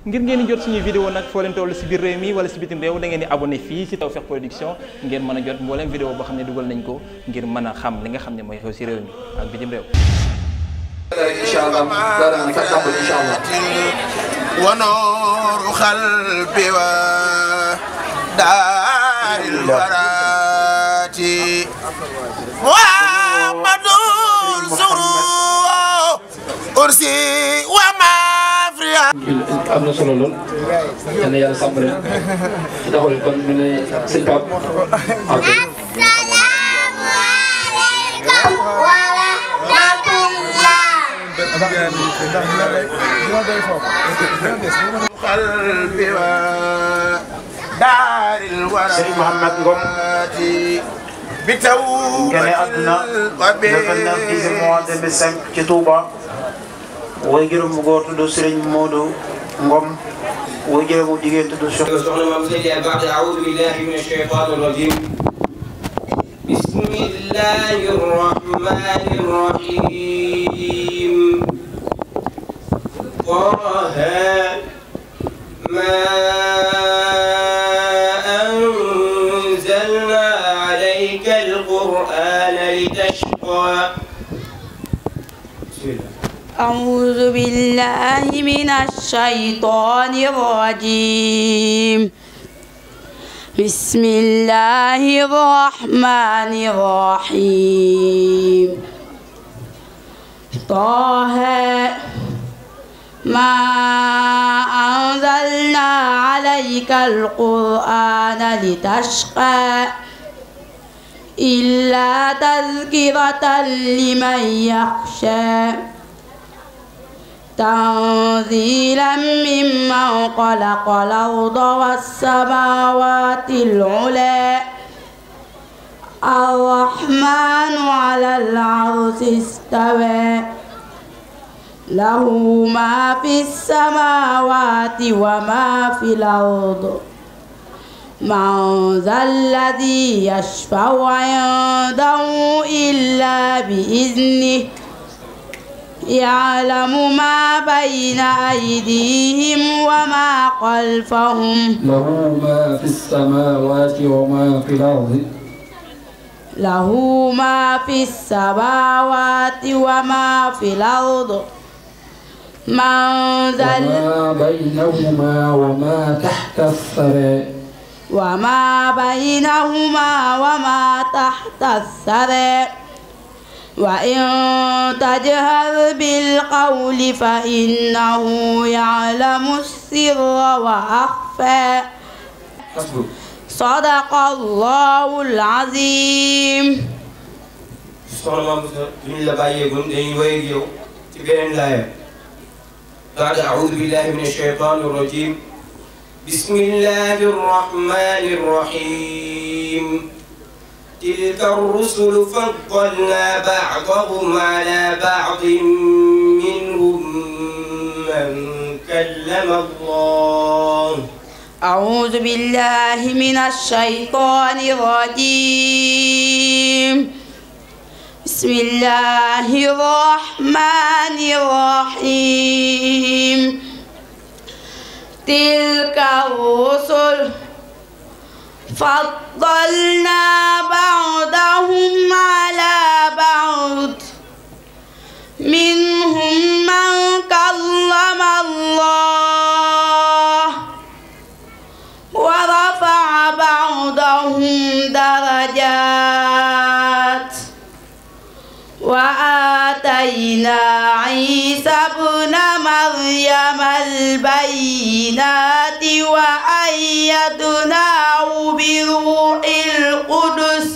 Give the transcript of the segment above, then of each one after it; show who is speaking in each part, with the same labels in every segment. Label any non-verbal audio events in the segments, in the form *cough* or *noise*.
Speaker 1: ngir ngeen jot suñuy vidéo nag foo leen toll si biir réew mi wala si bitim réew da ngeen di abonné fii si Tawfekh Production ngeen mën a jot mbooleem vidéo boo xam ne dugal nañ ko ngir mën a xam li nga xam ne mooy xew si réew mi ak
Speaker 2: wa nooru xalbi wa
Speaker 3: daaril waraati wa madul suru ursi
Speaker 1: am na solo lool. yal na yàlla sàmm leen. ci taxul kon ñu ne sëñ Pape. ok.
Speaker 4: asalaamaaleykum
Speaker 2: wa rahmatulah. Serigne Mouhamed Ngom gane àdduna le 29 du mois 2005 ci Touba way juróom bu góor tudd Serigne Modou Ngom way jëlee bu jigéen tudd soxna maam Seydiane Ba audu billahi min ashaytani rajim bismillahi rahmani rahim Taha ma anzalna alayka al-Qur'ana litashqa
Speaker 5: أعوذ بالله من الشيطان الرجيم بسم الله الرحمن الرحيم طه ما أنزلنا عليك القرآن لتشقى إلا تذكرة لمن يخشى تنزيلا ممن خلق الأرض والسماوات العلى الرحمن على العرش استوى له ما في السماوات وما في الأرض من ذا الذي يشفع عنده إلا بإذنه يعلم ما بين أيديهم وما خلفهم
Speaker 1: له ما في السماوات وما في الأرض
Speaker 5: له ما في السماوات وما في الأرض
Speaker 1: من ذا وما بينهما وما تحت الثرى
Speaker 5: وما بينهما وما تحت الثرى وإن تجهر بالقول فإنه يعلم السر وأخفى صدق الله العظيم
Speaker 2: soxna Mame Bousso duñ la bàyyeegum dañuy wéy ak yow ci beneen laaya baada audu billahi min alcheytan arrajim bismillahi arrahmani arrahim تلك الرسل فضلنا بعضهم على بعض منهم من كلم الله
Speaker 5: أعوذ بالله من الشيطان الرجيم بسم الله الرحمن الرحيم تلك الرسل فضلنا بعضهم على بعض منهم من كلم الله ورفع بعضهم درجات آتينا عيسى ابن مريم البينات وأيدناه بروح القدس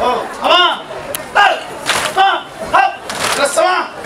Speaker 6: Come on! الى السماء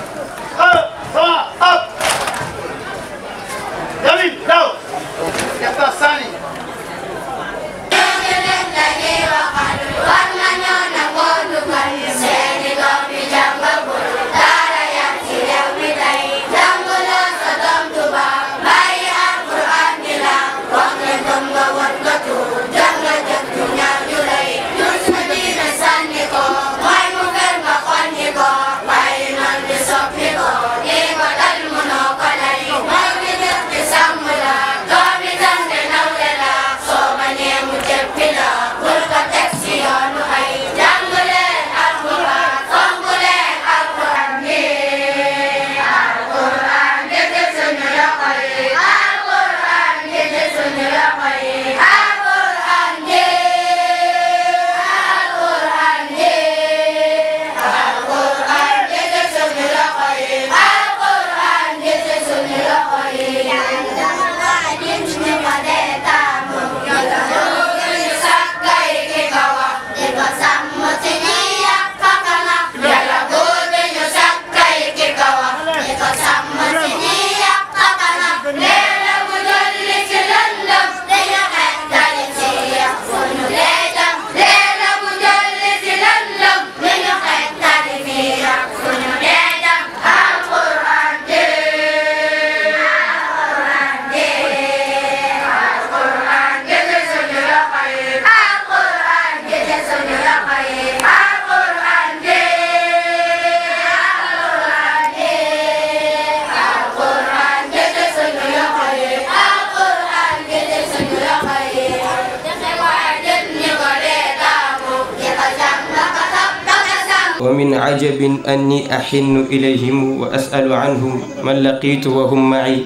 Speaker 2: ومن عجب أني أحن إليهم وأسأل عنهم من لقيت وهم معي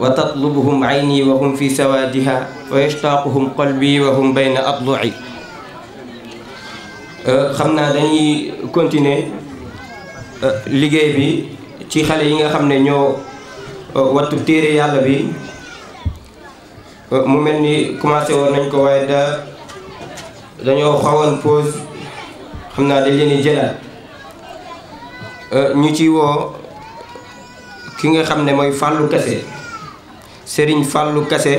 Speaker 2: وتطلبهم عيني وهم في سوادها ويشتاقهم قلبي وهم بين أضلعي xam naa dañuy continuer liggéey bi ci xale yi nga xam ne ñoo wattu téere yàlla bi mu mel ni commencé woon ko waaye da dañoo xawoon pause xam naa dañ leen euh, ñu ci woo ki nga xam ne mooy Fallou Kassé Serigne kase Kassé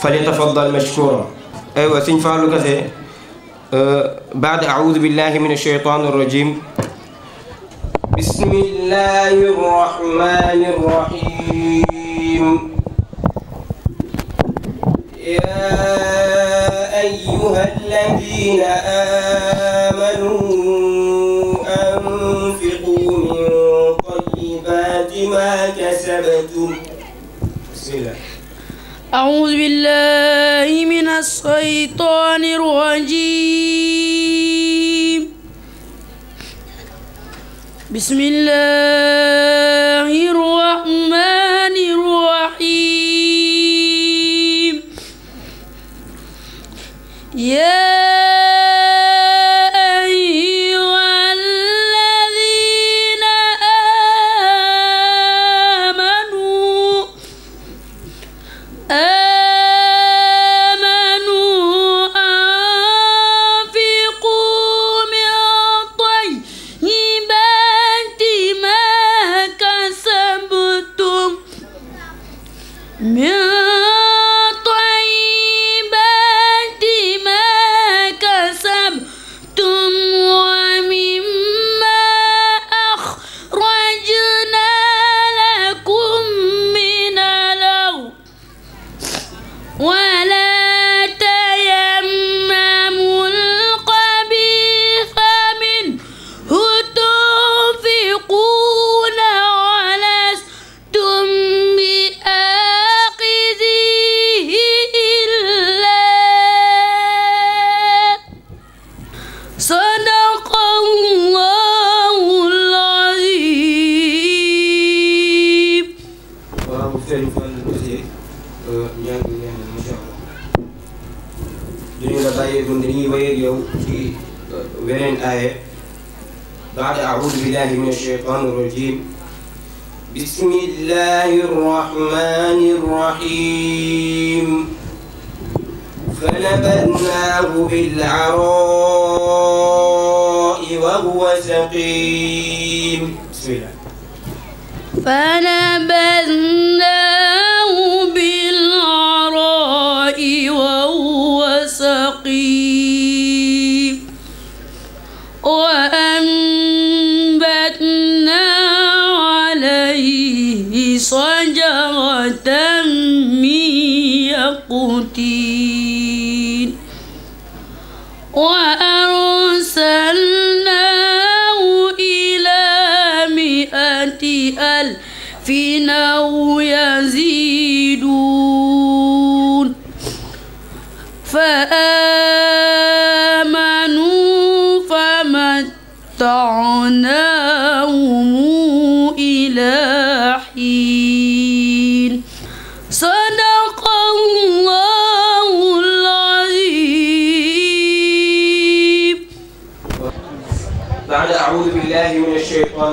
Speaker 2: fali tafaddal mashkura aywa Serigne Fallou Kassé euh, baad aoudu billahi min ashaytan arrajim bismillahi arrahmani arrahim الذين آمنوا أنفقوا من طيبات ما كسبتم بسم الله
Speaker 5: أعوذ بالله من الشيطان الرجيم بسم الله الرحمن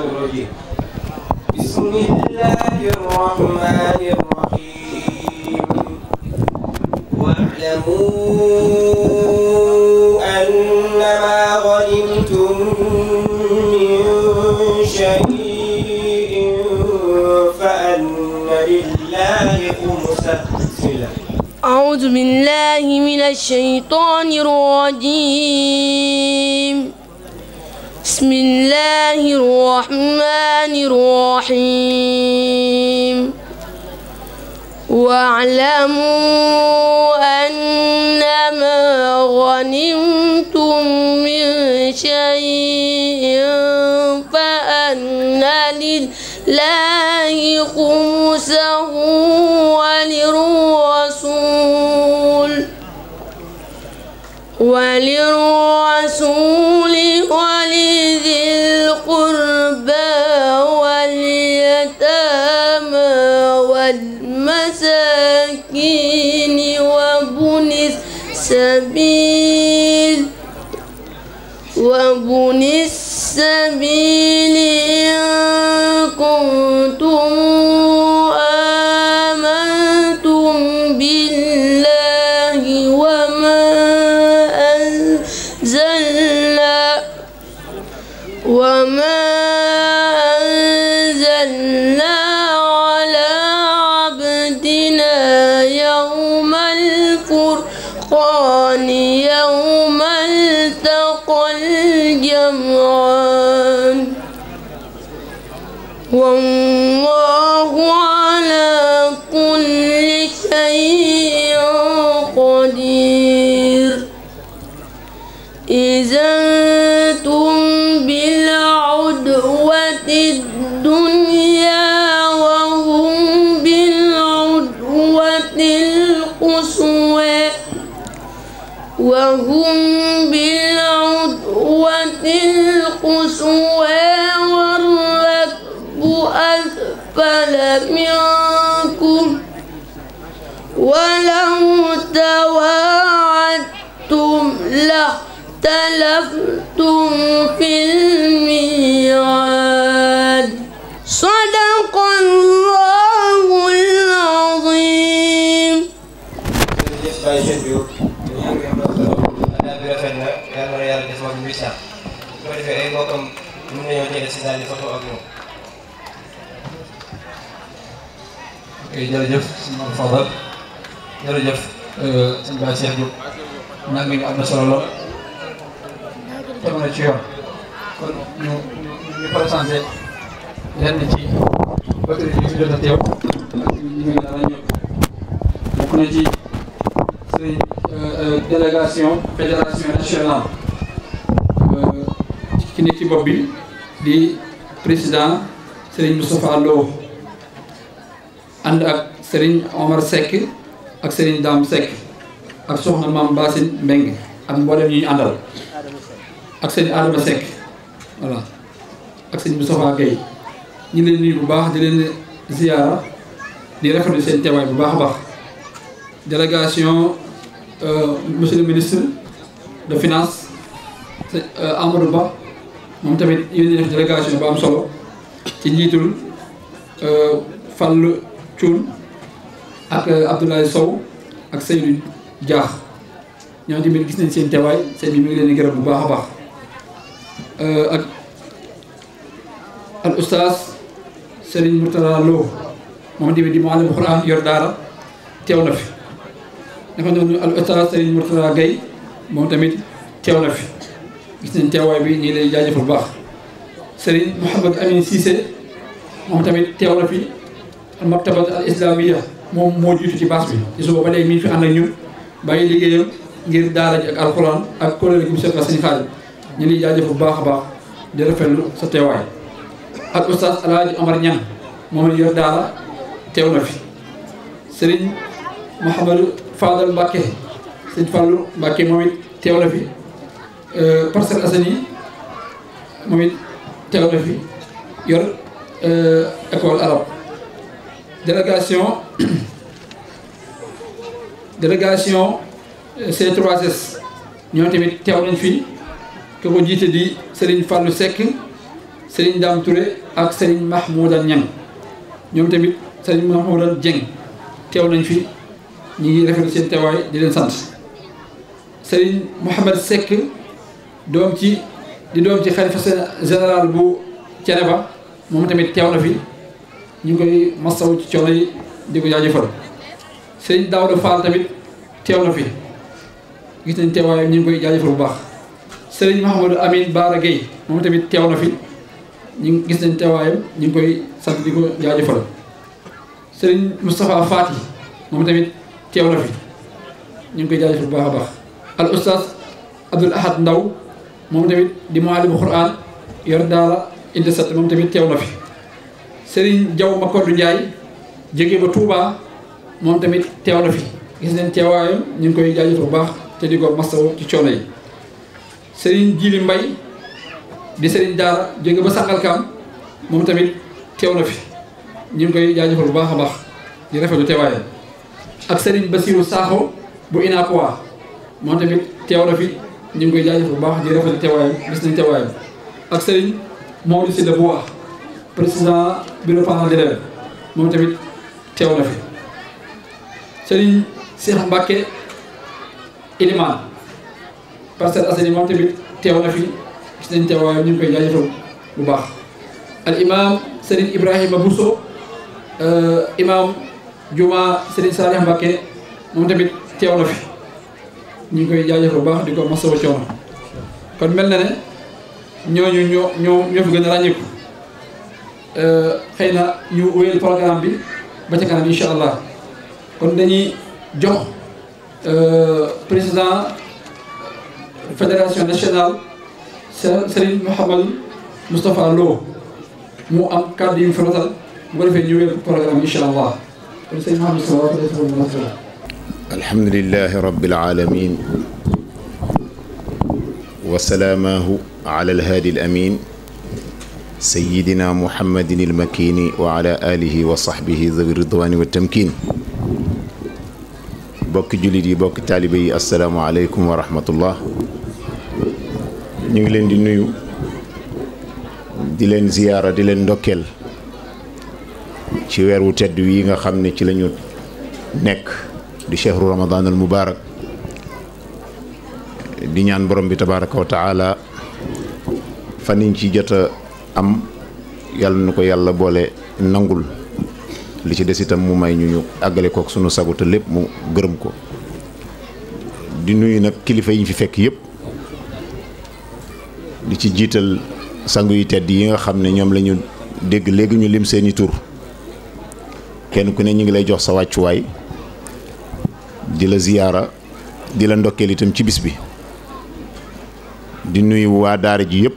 Speaker 2: الشيطان الرجيم بسم الله الرحمن الرحيم واعلموا أنما غنمتم من شيء فأن لله خمسه
Speaker 5: أعوذ بالله من الشيطان الرجيم بسم الله الرحمن الرحيم واعلموا أنما غنمتم من شيء فأن لله خمسه وللرسول وللرسول السبيل وابن السبيل إن كنتم سمعا والله على كل شيء قدير إذا أنتم بالعدوة الدنيا وهم بالعدوة القصوى وهم أقبل منكم ولو تواعدتم لاختلفتم في الميعاد
Speaker 1: jërëjëf sëñ Mame Fadal jërëjëf eh, sëñ Baye mi am solo lool jamono ci yoon kon ñu ñu présenté ci autorité yi fi jot a teew ci sëñ eh, eh, délégation fédération nationale ki ci bopp di président Serigne Moustapha Lo ànd ak Serigne Omar ak Serigne Dame Seck ak soxna maam Bassine Mbengue ak mboolem ñu ñu àndal ak Serigne Adama Seck voilà ak Serigne Moustapha Gueye ñu leen nuyu bu baax di leen ziyaara di rafetlu seen teewaay bu baax a baax délégation euh, monsieur le ministre de finance euh, Amadou Ba moom tamit yéen def délégation bu am solo ci njiitul euh, Fallou Thioune ak euh, Abdoulaye Sow ak Seydou Diakh ñoo tamit gis nañ seen teewaay seen bi mi ngi leen di gërëm bu baax a baax euh, ak al oustaz Serigne Mourtala Lo moom tamit di maalim Alxuraan yor daara teew na fi dafa noonu al oustaz Serigne Mourtala Gueye moom tamit teew na fi gis nañ teewaay bi ñu ngi lay jaajëfal bu baax Serigne Mouhamed Amin Cissé moom tamit teew na fi maktabat al islamiya moom moo jiitu ci baas bi ci suba ba léegi mi ngi fi ànd ak ñun bàyyi liggéeyam ngir daara ji ak alxuraan ak kuréel gi mu seqal seen xaalis ñu ngi jaajëf bu baax a baax di rafetlu sa teewaay ak oustaz alaaji Omar Ñan moom yor daara teew na fi sëriñ Mouhamadou Fadal Mbacke sëriñ Fallou Mbacke moom teew na fi euh, Parcelles Assainies moom teew na fi yor euh, école arabe délégation *coughs* délégation euh, c ñoom tamit teew nañ fi ki ko jiite di Serigne Fallou sekk Serigne Dame Touré ak Serigne Mahmoudan ñan ñoom tamit Serigne Mahmoudan Dieng teew nañ fi ñu ngi rafetlu seen teewaay di leen sant Serigne Mohamed sekk doom ci di doom ci xalifa général bu cere Thiénaba moom tamit teew na fi ñu ngi koy masawu ci coono yi di ko jaajëfal sëñ Daouda Fall tamit teew fi gis nañ teewaayam ñu ngi koy jaajëfal bu baax sëriñ Mouhamadou Amine Baara Gueye moom tamit teew na fi ñu gis nañ teewaayam ñu ngi koy sant di ko jaajëfal sëriñ Moustapha Fati moom tamit teew na fi ñu ngi koy jaajëfal bu baax a baax al oustaz Abdoul Ahad Ndaw moom tamit di muallimu Qur'an yor daara indi sat moom tamit teew na fi Serigne Diaw Makodou Ndiaye jóge ba tuubaa moom tamit teew na fi gis nañ teewaayam ñu ngi koy jaajëfal bu baax te di ko masawu ci coono yi Serigne Djili Mbaye di Serigne Daara jóge ba Sangalkam moom tamit teew fi ñu ngi koy jaajëfal bu baax a baax di rafetlu teewaayam ak Serigne Bassirou Sakho bu Inakoa moom tamit teew na fi ñu ngi koy jaajëfal bu baax di rafetlu teewaayam gis nañ teewaayam ak Serigne Maodo Sylla bu wax. président bureau panel di demee moom tamit teew na fi sëriñ Cheikh Mbacke Ilimane Parcelles Assainies moom tamit teew na fi gis nañ teewaayam ñu ngi koy baax al imam sëriñ Ibrahima Bousso euh, imam moom tamit teew na fi ñu ngi koy jaajëfal bu baax di ko masawu coono kon mel na ne ñoo ñoo ñoo fi gën a ràññeeku. Euh, xëy na ñu kon dañuy jox euh, président euh, fédération nationale Serigne Mouhamed Moustapha Lo mu am kàddu yu mu fi rotal bu ko programme incha allah kon Serigne
Speaker 3: alamin wa salamahu ala alhaadi alamin sayidina muhammadin ilmakini wa ala alihi wa sahbihi zawi ridwani wa tamkin bokki jullit yi bokki taalibe yi asalaamualeykum wa rahmatullah ñu ngi leen di nuyu di leen ziyaara di leen ndokkeel ci weer wu tedd wi nga xam ne ci lañu nekk di chehru ramadan al mubarak di ñaan borom bi tabaraka wa taala fan yiñ ci jota am yàlla na ko yàlla boole nangul li ci des itam mu may ñu ñu àggale kook sunu sago te lépp mu gërëm ko di nuyu nag kilifa yi ñu fi fekk yëpp di ci jiital sangu yu tedd yi nga xam ne ñoom lañu dégg léegi ñu lim seeni tur kenn ku ne ñu ngi lay jox sa wàccuwaay di la ziyaara di la ndokkeel itam ci bis bi di nuyu waa daara ji yëpp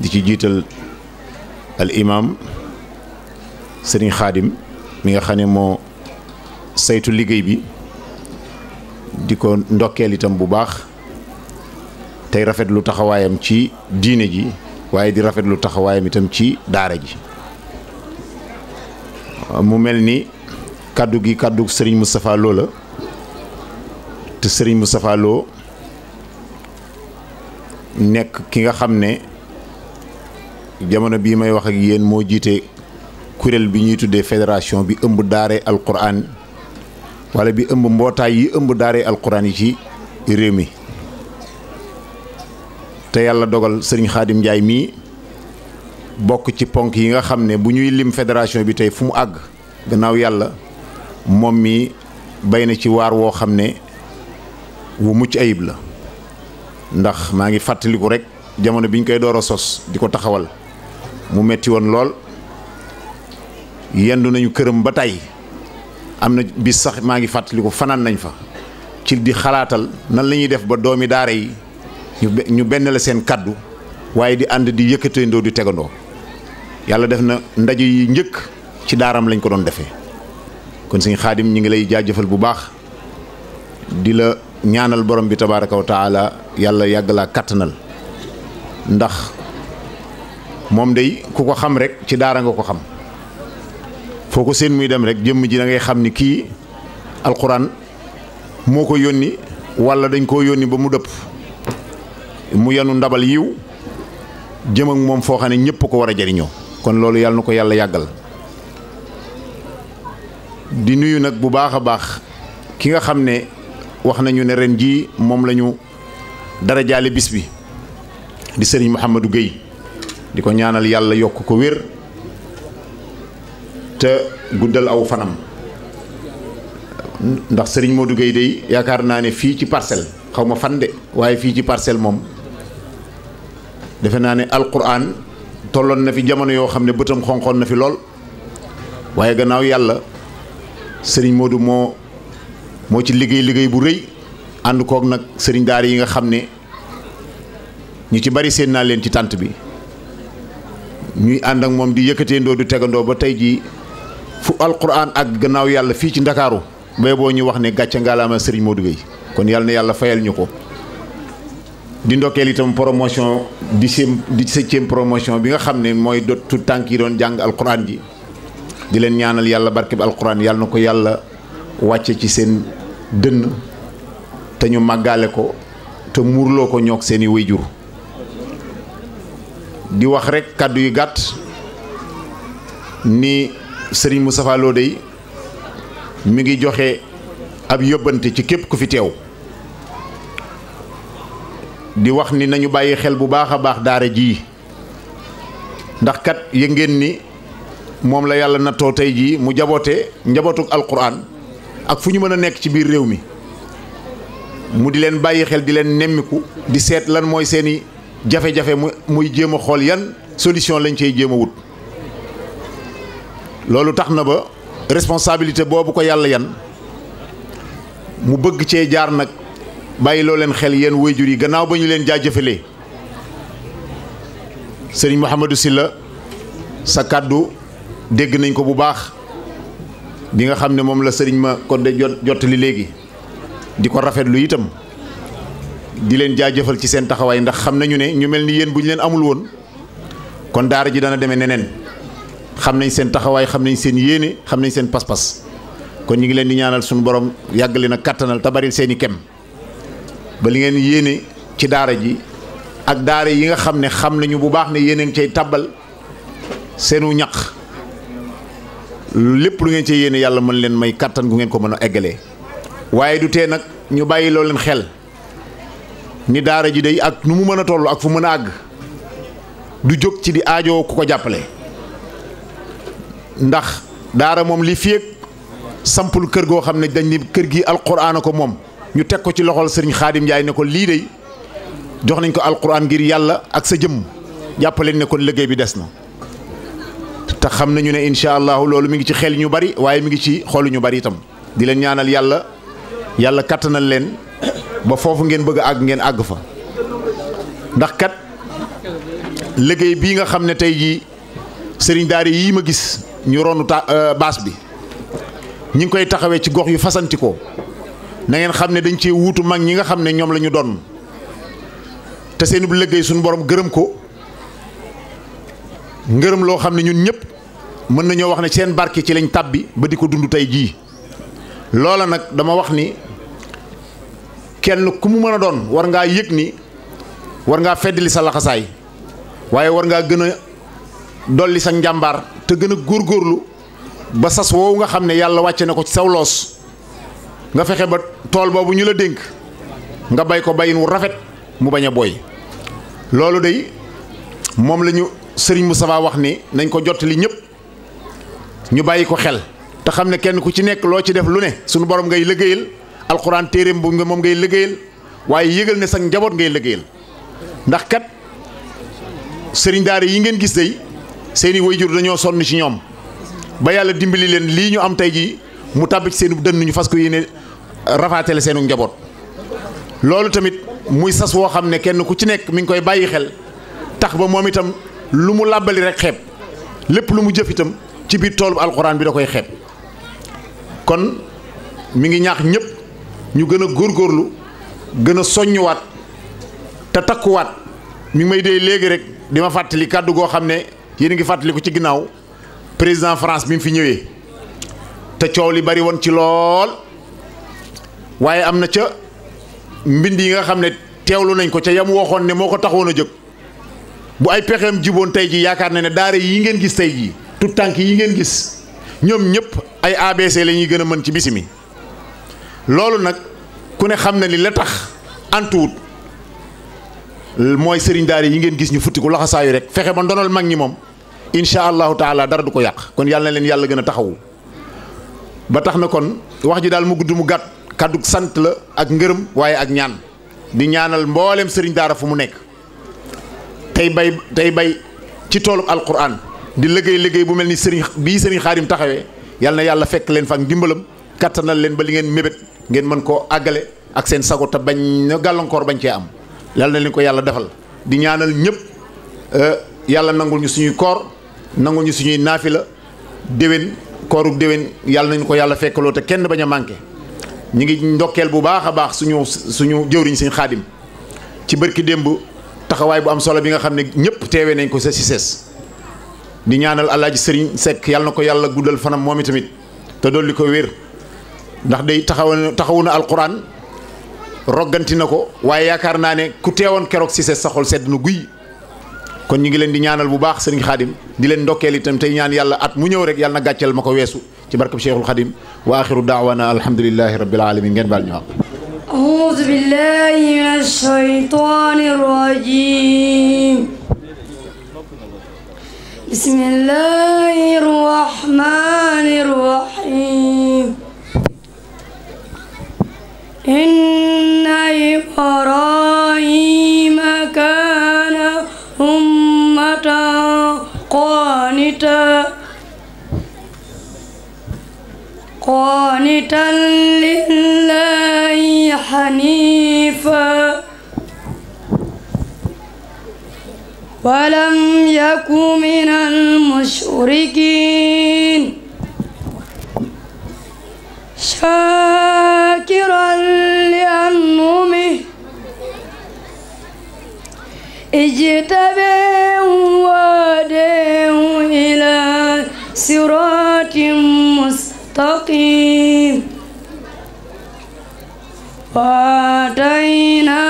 Speaker 3: di ci jiital al imaam sëriñ xaadim mi nga xam ne moo saytu liggéey bi di ko ndokkeel itam bu baax tey rafetlu taxawaayam ci diine ji waaye di rafetlu taxawaayam itam ci daara ji mu mel ni kàddu gi kàddu sëriñ Moustapha Lo la te sëriñ Moustapha Lo nekk ki nga xam ne jamono bii may wax ak yéen moo jiite kuréel bi ñuy tuddee fédération bi ëmb daaree alquran wala bi ëmb mbootaay yi ëmb daaree alquran yi ci réew mi te yàlla dogal sëriñ xaadim Njaay mii bokk ci ponk yi nga xam ne bu ñuy lim fédération bi tey fu mu àgg gannaaw yàlla moom mii bay na ci waar woo xam ne wu mucc ayib la ndax maa ngi fàttaliku rek jamono biñ koy door a sos di ko taxawal mu metti woon lool yendu nañu këram ba tey am na bi sax maa ngi fàttaliku fanaan nañ fa ci di xalaatal nan lañuy def ba doomi daara yi ñu benn la seen kàddu waaye di ànd di yëkkatandoo di tegandoo yàlla def na ndaje yi njëkk ci daaram lañ ko doon defee kon suñu xaadim ñi ngi lay jaajëfal bu baax di la ñaanal borom bi tabaaraka wa taala yàlla yàgg kàttanal ndax moom day ku ko xam rek ci daara nga ko xam foo ko seen muy dem rek jëmm ji da xam ni kii alxuraan moo ko yónni walla dañ koo yónni ba mu dëpp mu yenu ndabal yiw jëm ak moom foo xam ne ñëpp ko war a jariñoo kon loolu yàlla na ko yàlla yàggal di nuyu nag bu baax a baax ki nga xam ne wax nañu ne ren jii moom la ñu dara jaale bis bi di sëriñ Mouhamadou Guèye di ko ñaanal yàlla yokk ko wér te guddal aw fanam ndax sëriñ Modou Gueye dey yaakaar naa ne fii ci parcelle xaw ma fan de waaye fii ci parcelle moom defe naa ne alquran tolloon na fi jamono yoo xam ne bëtam xonqoon na fi lool waaye gannaaw yàlla sëriñ Modou moo moo ci liggéey liggéey bu rëy ànd kook nag sëriñ daara yi nga xam ne ñu ci bari séen naa leen ci tànt bi ñuy ànd ak moom di yëkkateendoo du tegandoo ba tey jii fu alquran ak gannaaw yàlla fii ci ndakaaru bay boo ñu wax ne gàcce ngalaama sëriñ Modou Gueye kon yàlla na yàlla fayal ñu ko di ndokkeel itam di sem di septième promotion bi nga xam ne mooy dottu tànk yi doon jàng alquran ji di leen ñaanal yàlla barke bi alquran yàlla na ko yàlla wàcce ci seen dënn te ñu màggaale ko te muurloo ko ñoog seeni wéyjur di wax rekk kàddu yu gàtt ni Serigne Moustapha Lo dey mu ngi joxe ab yóbbante ci képp ku fi teew di wax ni nañu bàyyi xel bu baax a baax daare jii ndax kat yëg ngeen ni moom la yàlla nattoo tey jii mu jaboote njabootuk alxuraan ak fu ñu mën a nekk ci biir réew mi mu di leen bàyyi xel di leen nemmiku di seet lan mooy seeni jafe-jafe muy jéem a xool yan solution lañ cay jéem a wut loolu tax na ba responsabilité boobu ko yàlla yan mu bëgg cee jaar nag bàyyi loo leen xel yéen wayjur yi gannaaw ba ñu leen jaajëfalee sëriñ Mouhamadou Sylla sa kàddu dégg nañ ko bu baax bi nga xam ne moom la sëriñ ma ko de jot jotali léegi di ko rafetlu itam di leen jaajëfal ci seen taxawaay ndax xam nañu ne ñu mel ni yéen bu ñu leen amul woon kon daara ji dana demee neneen xam nañ seen taxawaay xam nañ seen yéene xam nañ seen pas-pas kon ñu ngi leen di ñaanal suñu borom yàggale na kàttanal kattanal te baril seen i kem ba li ngeen yéene ci daara ji ak daara yi nga xam ne xam nañu bu baax ne yéen a ngi cay tàbbal seenu ñaq lépp lu ngeen cay yéene yàlla mën leen may kàttan gu ngeen ko mën a eggalee waaye du tee nag ñu bàyyi loo leen xel. ni daara ji day ak nu mu mën a toll ak fu mën a àgg du jóg ci di aajoo ku ko jàppale ndax daara moom li fii sampul kër goo xam ne dañ ni kër gi alquran ko moom ñu teg ko ci loxol sëriñ xaadim Njaay ne ko lii de jox nañ ko alquran ngir yàlla ak sa jëmm jàppaleen ne kon liggéey bi des na te xam nañu ne incha allahu loolu mi ngi ci xel ñu bari waaye mi ngi ci xolu ñu bari itam di leen ñaanal yàlla yàlla kattanal leen ba foofu ngeen bëgg àgg ngeen àgg fa ndax kat liggéey bii nga xam ne tey jii sëriñ daara yii ma gis ñu ronu ta euh, baas bi ñi ngi koy taxawee ci gox yu fasantikoo na ngeen xam ne dañ cee wuutu mag ñi nga xam ne ñoom lañu doon te seen bu liggéey suñu borom gërëm ko ngërëm loo xam ne ñun ñëpp mën nañoo wax ne seen barke ci lañ tàbbi ba di ko dund tey jii loola nag dama wax ni. kenn ku mu mën a doon war ngaa yëg ni war ngaa feddali sa laxasaay waaye war ngaa gën a dolli sa njàmbaar te gën a góorlu ba sas woowu nga xam ne yàlla wàcce na ko ci saw nga fexe ba tool boobu ñu la dénk nga bay ko bayin wu rafet mu bañ a booy loolu de moom la ñu sëriñ Moustapha wax ni nañ ko jottali ñëpp ñu bàyyi ko xel te xam ne kenn ku ci nekk loo ci def lu ne sunu borom ngay liggéeyal alxuraan téeréem bu nga moom ngay liggéeyal waaye yëgal ne sax njaboot ngay liggéeyal ndax kat sëriñ daara yi ngeen gis day seeni wayjur dañoo sonn ci ñoom ba yàlla dimbali leen lii ñu am tey jii mu tàbb ci seen dënn ñu fas ko yéene rafaatale seenu njaboot loolu tamit muy sas woo xam ne kenn ku ci nekk mu ngi koy bàyyi xel tax ba moom itam lu mu làbbali rek xeeb lépp lu mu jëf itam ci biir toolu alxuraan bi da koy xeeb kon mu ngi ñaax ñëpp ñu gën a góorlu gën a soññuwaat te takkuwaat mi may dee léegi rek di ma fàttali kàddu goo xam ne yéen a ngi fàttaliku ci ginnaaw président France bi mu fi ñëwee te coow li bari woon ci lool waaye am na ca mbind yi nga xam ne teewlu nañ ko ca yam waxoon ne moo ko taxoon a jóg bu ay pexeem jiboon tey ji yaakaar na ne daara yi ngeen gis tey jii tout tànk yi ngeen gis ñoom ñëpp ay ABC la ñuy gën a mën ci bisi loolu nag ku ne xam na li la tax antuwut mooy sëriñ daara yi ngeen gis ñu futti ku laxasaayu rek fexe ba ndonal mag ñi moom incha allahu taala dara du ko yàq kon yàlla na leen yàlla gën a taxawu ba tax na kon wax ji daal mu gudd mu gàtt kàddu sant la ak ngërëm waaye ak ñaan di ñaanal mboolem sëriñ daara fu mu nekk tey bay tey bay ci toolu alquran di liggéey liggéey bu mel ni sëriñ bii sëriñ xaarim taxawee yàlla yàlla fekk leen fa ak ndimbalam kattanal leen ba li ngeen mébét ngeen mën koo àggale ak seen sago te bañ na gàllankoor bañ cee am yal na leen ko yàlla defal di ñaanal ñëpp euh, yàlla nangul suñuy koor nangul suñuy naafi la déwén koorub déwén yàlla nañu ko yàlla fekkaloo te kenn bañ a manqué ñu ngi ndokkeel bu baax a baax suñu suñu jëwriñ suñu xaadim ci barki démb taxawaay bu am solo bi nga xam ne ñëpp teewee nañ ko sa si ses di ñaanal alaaji sëriñ Seck yàlla na ko yàlla guddal fanam moom itamit te dolli ko wér ndax day taxaw taxawu na alquran rogganti na ko waaye yaakaar naa ne ku teewoon keroog si sa xol sedd na guy kon ñu ngi leen di ñaanal bu baax sëriñ xaadim di leen ndokkeel itam te ñaan yàlla at mu ñëw rek yàlla na gàcceel ma ko weesu ci barkab cheikhul xadim wa axiru daawana alhamdulilahi rabbil alamin ngeen baal ñu am
Speaker 5: أعوذ بالله من الشيطان الرجيم بسم الله الرحمن الرحيم إن إبراهيم كان أمة قانتا قانتا لله حنيفا ولم يك من المشركين شاكرا لأنعمه اجتبه وادعه إلى صراط مستقيم وآتيناه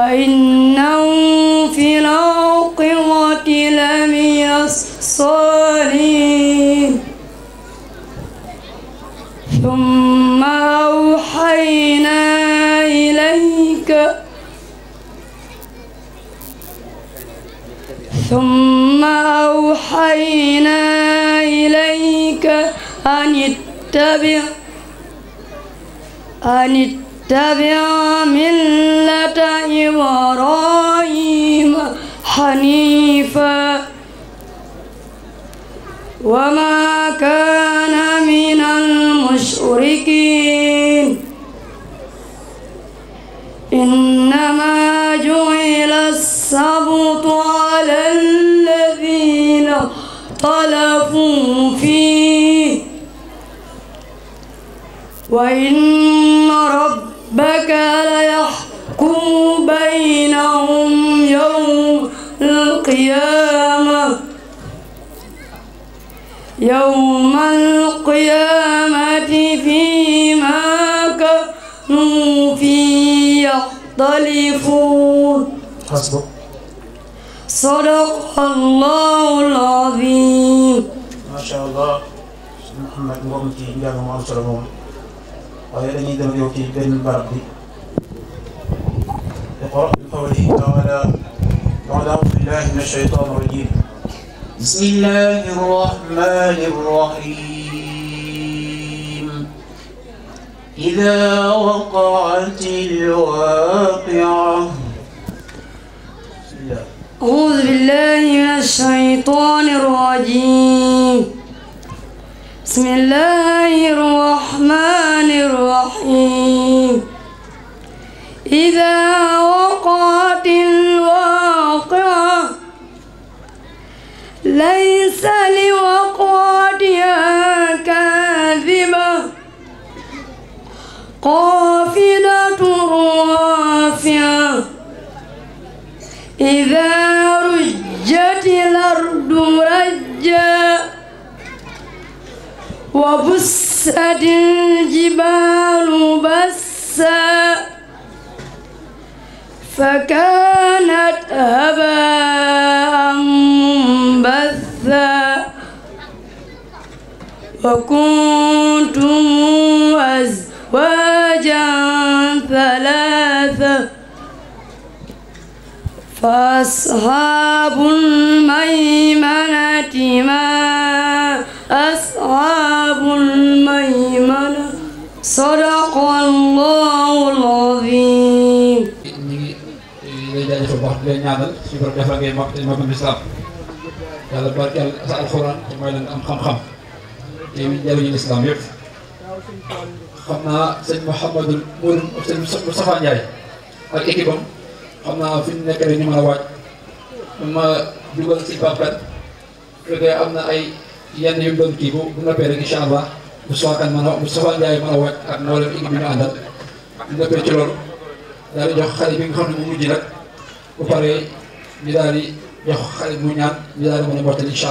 Speaker 5: وإنه في العاقبة لمن الصالحين ثم أوحينا إليك ثم أوحينا إليك أن اتبع أن اتبع اتبع ملة إبراهيم حنيفا وما كان من المشركين إنما جعل السبط على الذين طلبوا فيه وإن رب ربك ليحكم بينهم يوم القيامة يوم القيامة فيما كانوا فيه يختلفون حسبك صدق الله العظيم
Speaker 7: ما شاء الله محمد مؤمن في إنجاز ما أرسل waaye dañuy dem yow ci benn barab bi اقرأ بقوله تعالى بعد أعوذ بالله من الشيطان الرجيم بسم الله الرحمن
Speaker 6: الرحيم
Speaker 7: إذا وقعت الواقعة
Speaker 5: أعوذ بالله من الشيطان الرجيم بسم الله الرحمن الرحيم إذا وقعت الواقعة ليس لوقعتها كاذبة قافلة رافعة إذا رجت الأرض رجا وبست الجبال بسا فكانت هباء منبثا وكنتم أزواجا ثلاثة فأصحاب الميمنة ما أصحاب الميمنة صدق الله العظيم
Speaker 1: ñu ngi jaajëfal bu baax di leen ñaanal suñu borom defal ngeen mag te magum lislaam yàlla barkeel sa alxuraan te mooy leen am xam-xam te ñu jëriñu lislaam yëpp xam naa sëñ Mouhamadou Mouroum ak sëñ Moustapha Ndiaye ak équipe am xam naa fi ñu nekk rek ñu mën a waaj ma dugal si Pape Kane am na ay. yenn yu doon kii bu bu noppee rek incha allah Moustapha Kane mën a Moustapha Ndiaye mën a ak mboolem équipe bi ñu àndal bu noppee ci loolu daal di jox xale bi nga xam bu paree ñu daal jox xale mu ñaan ñu daal di mën a mottali incha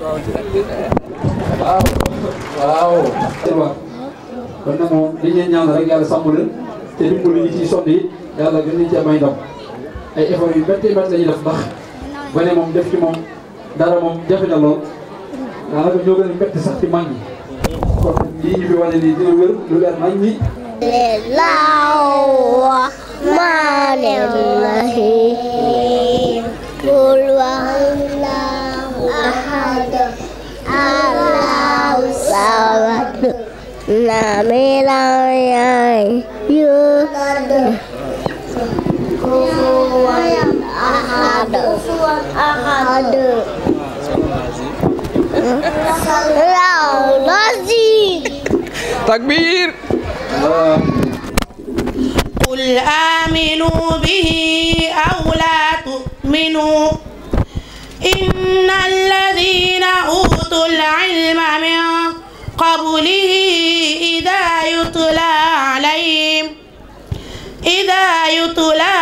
Speaker 1: waaw waaw kon nag moom li ñuy ñaan rek yàlla sàmm leen te dimbali ñi ciy sonn yi yàlla gën nañ cee may ndam ay effort yu métti métti la ñuy def ndax ba ne moom def ci moom dara moom jafe na lool daanaka ñoo gën a métti sax ci mag ñi kon lii ñu fi wane nii dina wér lu leer nañ ñi
Speaker 4: là là mi la ai dư cô a ha được a ha được là là gì تكبير قل
Speaker 8: آمنوا به أو لا تؤمنوا إن الذين أوتوا العلم من قبله إذا يطلى عليهم إذا يطلى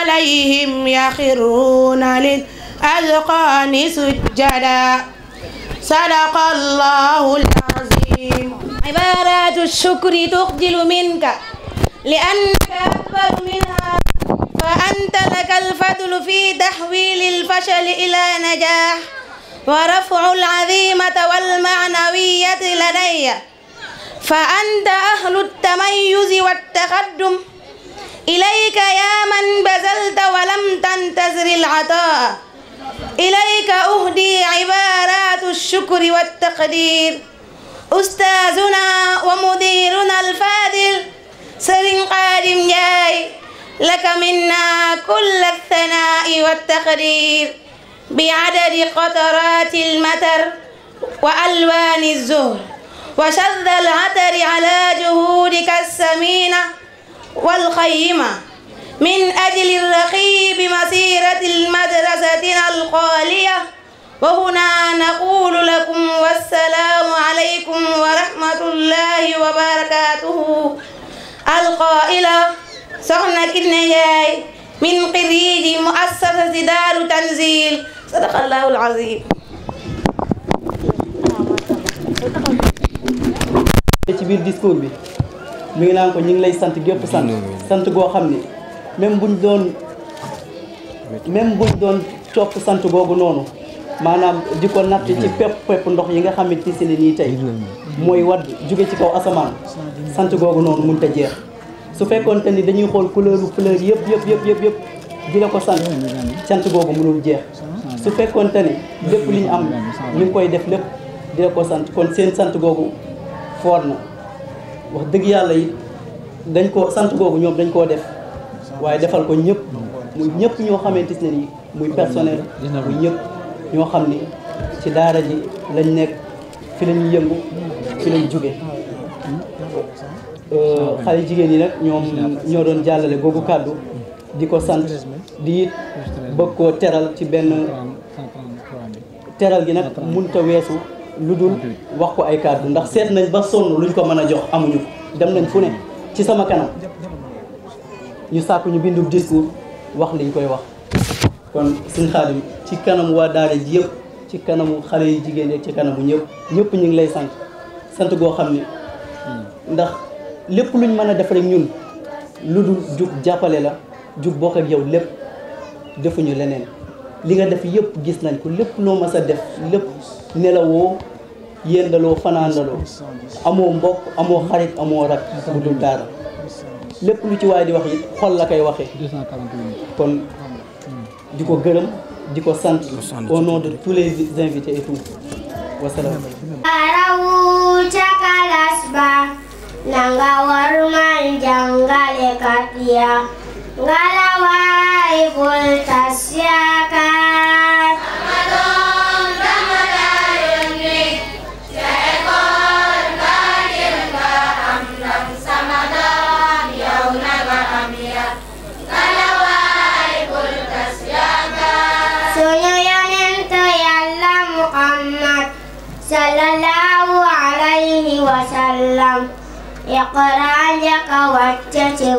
Speaker 8: عليهم يخرون للأذقان
Speaker 9: سجدا صدق الله العظيم عبارات الشكر تخجل منك لأنك أكبر منها فأنت لك الفضل في تحويل الفشل إلى نجاح ورفع العظيمة والمعنوية لدي فأنت أهل التميز والتقدم إليك يا من بذلت ولم تنتظر العطاء إليك أهدي عبارات الشكر والتقدير أستاذنا ومديرنا الفاضل سرين قادم جاي لك منا كل الثناء والتقدير بعدد قطرات المطر وألوان الزهر وشذ العطر على جهودك السمينة والخيمة من أجل الرقي بمسيرة المدرستنا القالية وهنا نقول لكم والسلام عليكم ورحمة الله وبركاته القائلة سخنة كنياي من قريج مؤسسة دار تنزيل sadaqallahul azim
Speaker 6: ci biir discours bi mi ngi naan ñu ngi lay sant gépp sant sant goo xam ni même buñ doon même buñ doon copp sant googu noonu maanaam di ko natt ci pepp pepp ndox yi nga xamante si ne tey mooy wadd jóge ci kaw asamaan sant googu noonu mun te jeex su fekkoon te ni dañuy xool couleur fleur yëpp yëpp yëpp yëpp yëpp di la ko sant sant googu mënul jeex su fekkoon te ni lépp am ñu ngi koy def lépp dina ko sant kon seen sant googu foor na wax dëgg yàlla it dañ ko sant googu ñoom dañ koo def waaye defal ko ñëpp muy ñëpp ñoo xamante ne nii muy personnel muy ñëpp ñoo xam ni ci daara ji lañ nekk fi la ñuy yëngu fi lañ jóge euh, xale jigéen yi nag ñoom ñoo doon jàllale googu kàddu di ko sant di it bëgg koo teral ci benn teral gi nag munta weesu lu dul wax ko ay kàddu ndax seet nañ ba sonn luñ ko mën a jox amuñu dem nañ fu ne ci sama kanam ñu sàkku ñu bindu discours wax liñ koy wax kon suñ bi ci kanamu waa daara ji yëpp ci kanamu xale yu jigéen yeeg ci kanamu ñëpp ñëpp ñu ngi lay sant sant goo xam ne ndax lépp luñ mën a def ñun lu dul jug jàppale la jug bokk ak yow lépp defuñu leneen li nga def yëpp gis nañ ko lépp loo ma a def lépp nelawoo yéendaloo fanaandaloo amoo mbokk amoo xarit amoo rak bu dul dara lépp lu ci waay di wax it xol la koy waxee kon di ko gërëm di ko sant au nom de tous les invités et tout wasalaam
Speaker 4: ca kalas ba na nga war man jàngalekat ya وسلم اقرأ لك واتسم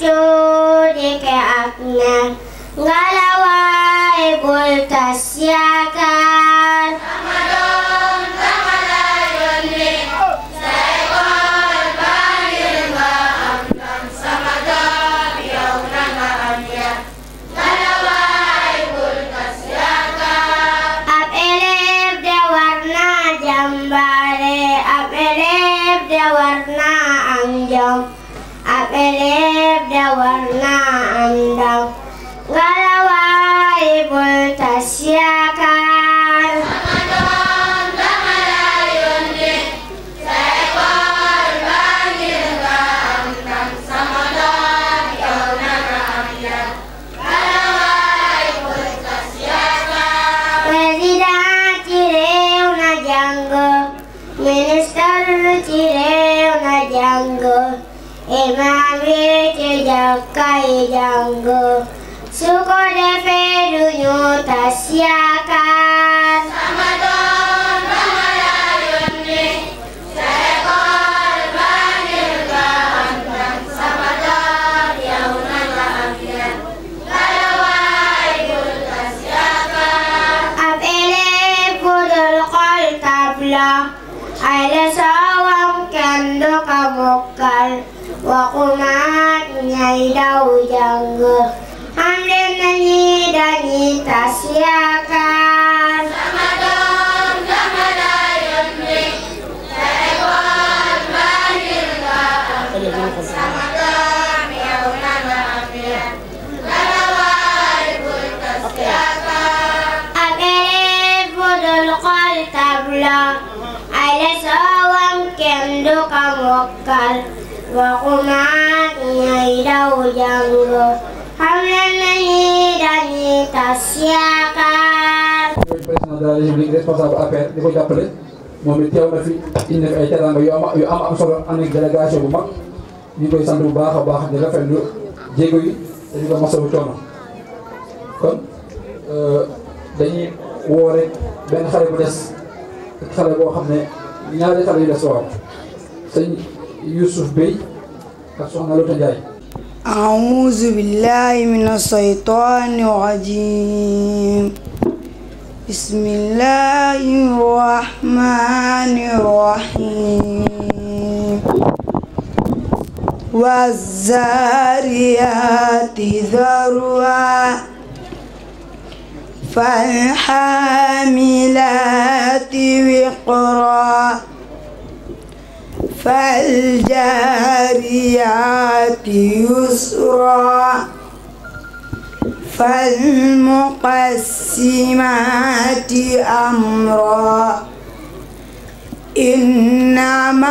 Speaker 4: جودك أبنى غلواي بلتس يا 高いジャングそこでフェルの達やか
Speaker 1: responsable APR di ko jàppale moom it teew na fi indi fi ay teraanga yu am yu am am solo ànd ak délégation bu mag ñu ngi koy sant bu baax a baax di rafetlu jéego yi dañu ko masawu coono kon euh, dañuy woo rek benn xale bu des ak xale boo xam ne ñaari xale yu des waaw sëñ Youssouf Bey ak soxna Lota Ndiaye.
Speaker 7: أعوذ بالله من الشيطان الرجيم بسم الله الرحمن الرحيم والزاريات ذروا فالحاملات وقرا فالجاريات يسرا فالمقسمات أمرا إنما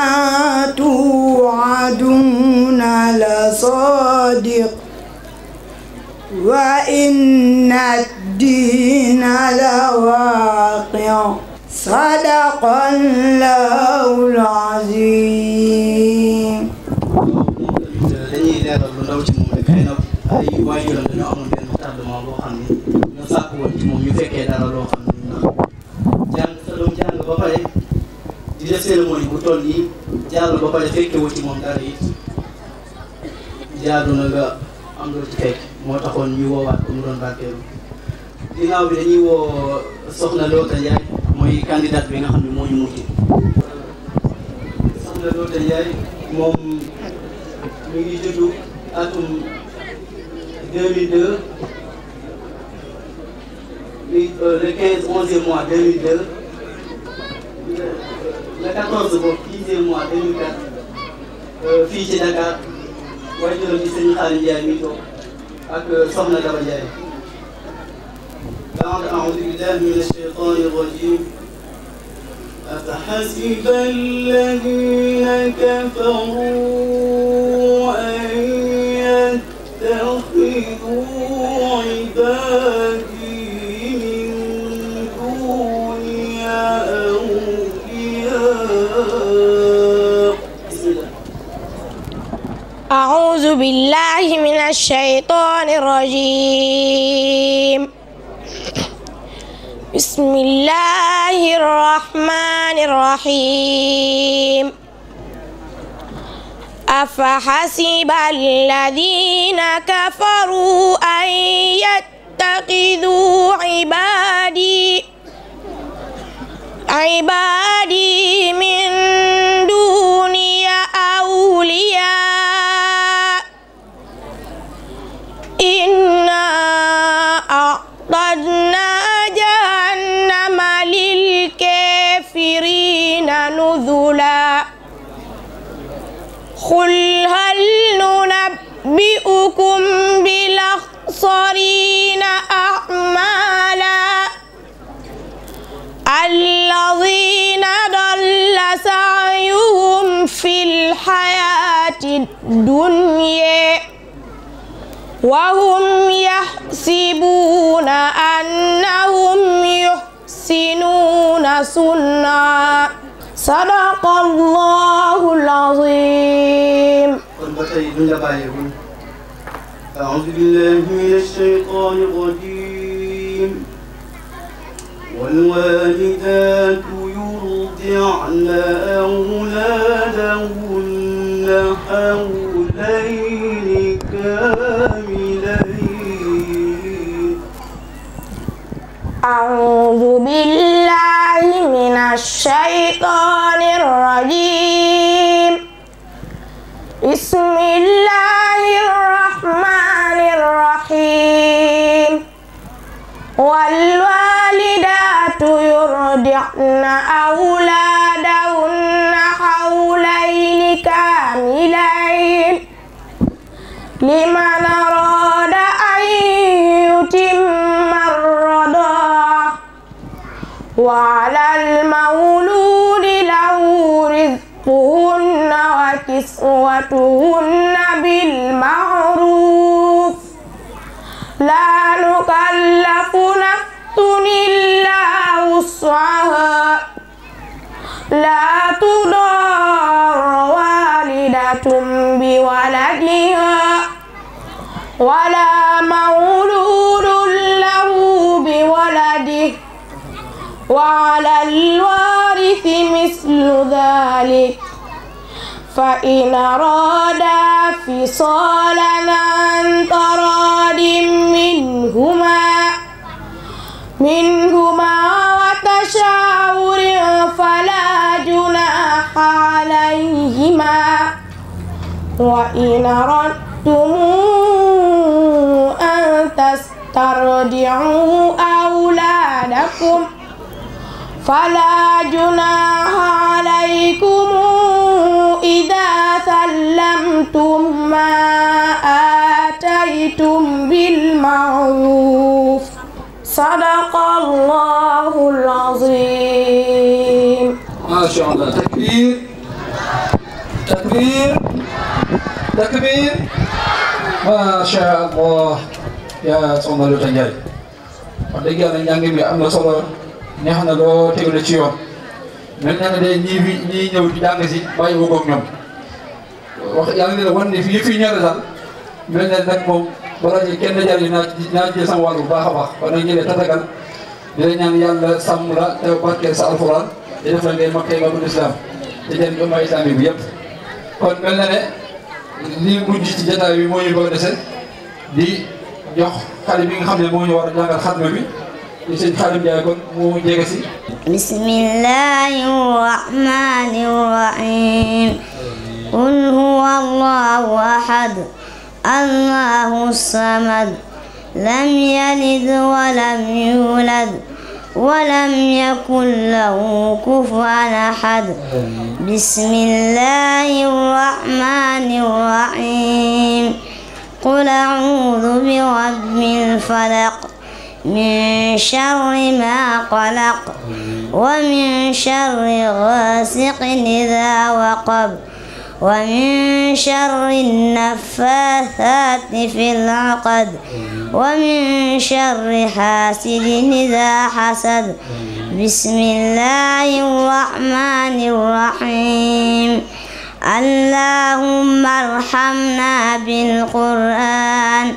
Speaker 7: توعدون لصادق وإن الدين لواقع صدق الله العظيم ci moom ñu fekkee dara loo xam ne ñu naan jàng sa
Speaker 6: doom jàng ba pare di def cérémonie bu toll nii jàll ba fekke wu moom dara it jaadu na nga am loo ci fekk moo taxoon ñu woowaat ko mu doon barkeelu ginnaaw bi dañuy woo soxna Loota mooy candidat bi nga xam ne moo ñu mujj soxna Loota Ndiaye moom mi ngi juddu atum 2002 Euh, le 15 11e mois 2002 le 14 boobu 15e mois 2004 euh, fii ci Dakar waajuram bi sëñ Xaali Ndiaye mi toog ak euh, Soxna Daba Ndiaye. بعد أعوذ بالله من الشيطان الرجيم أفحسب
Speaker 7: الذين كفروا أن يتخذوا عبادي
Speaker 8: أعوذ بالله من الشيطان الرجيم بسم الله الرحمن الرحيم أفحسب الذين كفروا أن يتخذوا عبادي عبادي من دوني إنا أعطدنا جهنم للكافرين نذلا قل هل ننبئكم بالأخسرين أعمالا الذين ضل سعيهم في الحياة الدنيا وهم يحسبون أنهم يحسنون صنعا صدق الله العظيم
Speaker 6: أعوذ بالله من الشيطان الرجيم والوالدات يرضعن أولادهن حولين
Speaker 8: كاملين أعوذ بالله من الشيطان الرجيم بسم الله الرحمن الرحيم والوالدات يرضعن أولادهن حولين كاملين لمن أراد وعلى المولود له رزقهن وكسوتهن بالمعروف لا نكلف نفس إلا وسعها لا تضار والدة بولدها ولا مولود له بولده وعلى الوارث مثل ذلك فإن أرادا فصالا عن تراد منهما منهما وتشاور فلا جناح عليهما وإن أردتم أن تسترجعوا أولادكم فلا جناح عليكم إذا سلمتم ما آتيتم بالمعروف صدق الله العظيم
Speaker 1: ما شاء الله تكبير تكبير تكبير ما شاء الله يا صوم لو تنجاي wax dëgg yàlla njàng mi am na solo neex na loo teg la ci yoon mel na ne de ñii fi ñëw di si bàyyi woo koog ñoom wax yàlla ne la wan ne fii yëpp yi ñore daal mel na nag moom balaa kenn jariñ naa naa jël sama wàll bu baax a baax kon nag ñu ne tatagal di la ñaan yàlla sàmm la te barkeel sa alxuraan di def la ngay makkee ba bu islam te jënd umma islamique bi yëpp kon mel na ne lii mujj ci jotaay bi moo ñu bëgg a dese di xale bi nga xam ne moo ñu war a jàngal xatma bi sëñ Xaadim Njaay kon mu jege si
Speaker 10: bismillahi rahmani rahim qul huwa allahu ahad allahu samad lam yalid walam yulad ولم يكن له كفوا أحد بسم الله الرحمن الرحيم قل أعوذ برب الفلق من شر ما قلق ومن شر غاسق إذا وقب ومن شر النفاثات في العقد ومن شر حاسد إذا حسد بسم الله الرحمن الرحيم اللهم ارحمنا بالقرآن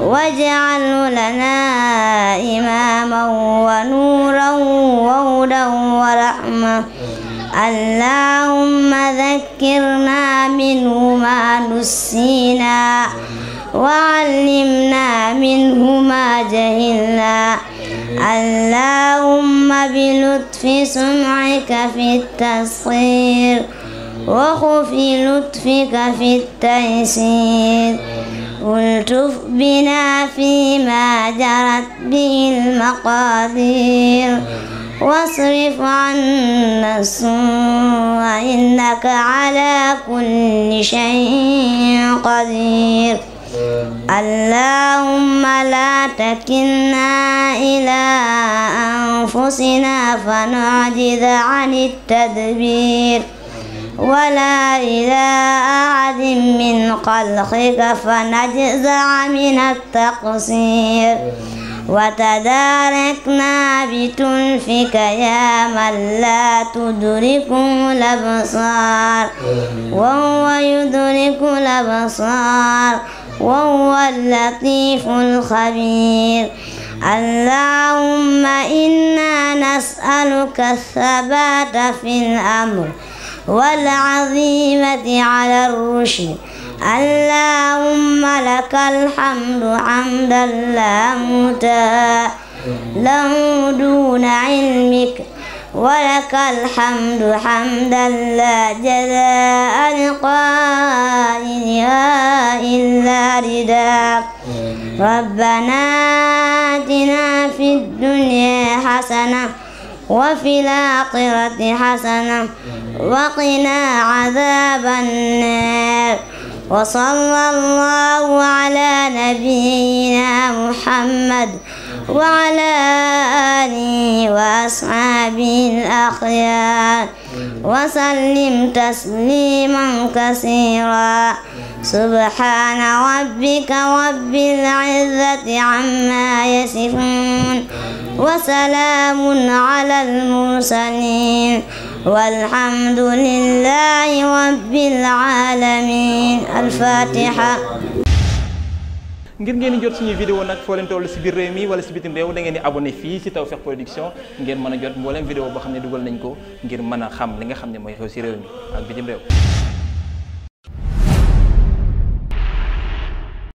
Speaker 10: واجعله لنا إماما ونورا وهدى ورحمة اللهم ذكرنا منه ما نسينا وعلمنا منه ما جهلنا اللهم بلطف سمعك في التصوير وخف لطفك في التيسير والتف بنا فيما جرت به المقادير واصرف عنا السوء إنك على كل شيء قدير اللهم لا تكلنا إلى أنفسنا فنعجز عن التدبير ولا إلى أحد من خلقك فنجزع من التقصير وتداركنا بتلفك يا من لا تدركه الأبصار وهو يدرك الأبصار وهو اللطيف الخبير اللهم إنا نسألك الثبات في الأمر والعظيمة على الرشد اللهم لك الحمد حمدا لا متى له دون علمك ولك الحمد حمدا لا جزاء لقائلها إلا رداك ربنا آتنا في الدنيا حسنة وفي الآخرة حسنة وقنا عذاب النار وصلى الله على نبينا محمد وعلى آله وأصحابه الأخيار وسلم تسليما كثيرا سبحان ربك رب العزة عما يصفون وسلام على المرسلين والحمد لله رب العالمين الفاتحة
Speaker 1: ngir ngeen jot suñuy vidéo nag foo leen toll si biir réew mi wala si bitim réew da ngeen di abonné fii si Tawfekh Production ngeen mën a jot mbooleem vidéo boo xam ne dugal nañ ko ngir mën a xam li nga xam ne mooy xew si réew mi ak bitim réew